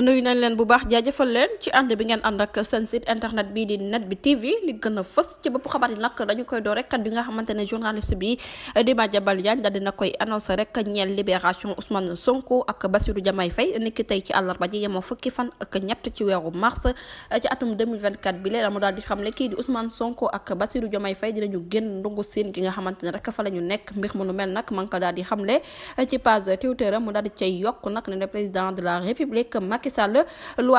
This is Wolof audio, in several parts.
nuyu nañ leen bu baax jaajafal leen ci ànd bi ngeen ànd ak seen site internet bii di net bi TV li gën a fës ci bopp xabaar yi nag dañu koy doo rek kat bi nga xamante ne journaliste bi di Madiambal Diagne daal dina koy annoncé rek ñeel libération Ousmane Sonko ak Bassirou Diomaye Faye niki tey ci àllarba ji yemoo fukki fan ak ñett ci weeru mars ci atum 2024 bi lee daal di xamle kii di Ousmane Sonko ak Bassirou Diomaye Faye dinañu génn ndungu siin gi nga xamante ne rek fa la ñu nekk mbir mu nu mel nag ma ngi ko daal di xamle ci page Twitter mu daal di cay yokk nak ne le président de la République Macky Sall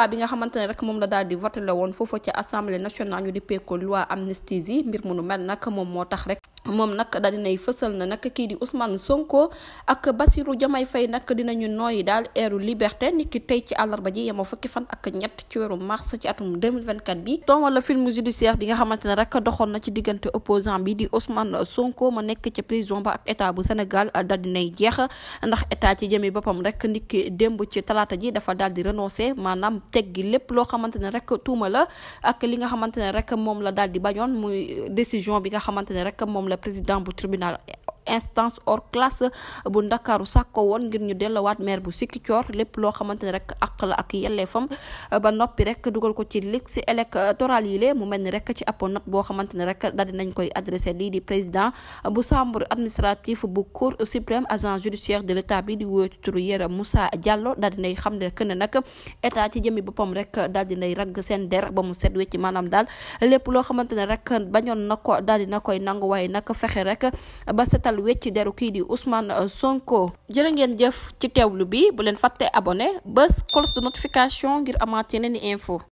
bi nga xamante ne rek moom la daal di voté la woon foofu ci assemblée nationale ñu di peeko loi amnistie yi mbir mu nu mel nag moom moo tax rek moom nag daal dinay fësal na nag kii di ausman Sonko ak Bassirou jamay Faye nag dinañu nooyi daal eeru liberté nit tey ci àllarba ji yemoo fukki fan ak ñett ci weeru mars ci atum 2024 bi ton wala film judiciaire bi nga xamante ne rek doxoon na ci diggante opposant bi di Ousmane Sonko ma nekk ci prison ba état bu Sénégal daal dinay jeex ndax état ci jëmi boppam rek nit démb ci talaata ji dafa daal di renoncer maanaam teggi lépp loo xamante ne rek tuuma la ak li nga xamante ne rek moom la dal di bañoon muy décision bi nga xamante ne rek moom le président bu tribunal instance or classe bu ndakaaru sàkko woon ngir ñu dellowaat maire bu Ziguinchor lépp loo xamante ne rek àq la ak yelleefam ba noppi rek dugal ko ci liste électorale yi lée mu mel ni rek ci ab note boo xamante ne rek daal di koy adressé lii di président bu chambre administratif bu cour suprême agent judiciaire de l'état bi di wóo ci turu Yera Moussa Diallo daal dinay xam ne que ne nag état ci jëmmi boppam rek daal nay ragg seen der ba mu set wecc maanaam daal lépp loo xamante ne rek bañoon na ko daal na koy nanguwaay waaye nag fexe rek ba setal lu wecc deru kii di Ousmane euh, Sonko jërë ngeen jëf ci teewlu bi bu leen fàtte abonné bés cloche de notification ngir amaat yeneen i info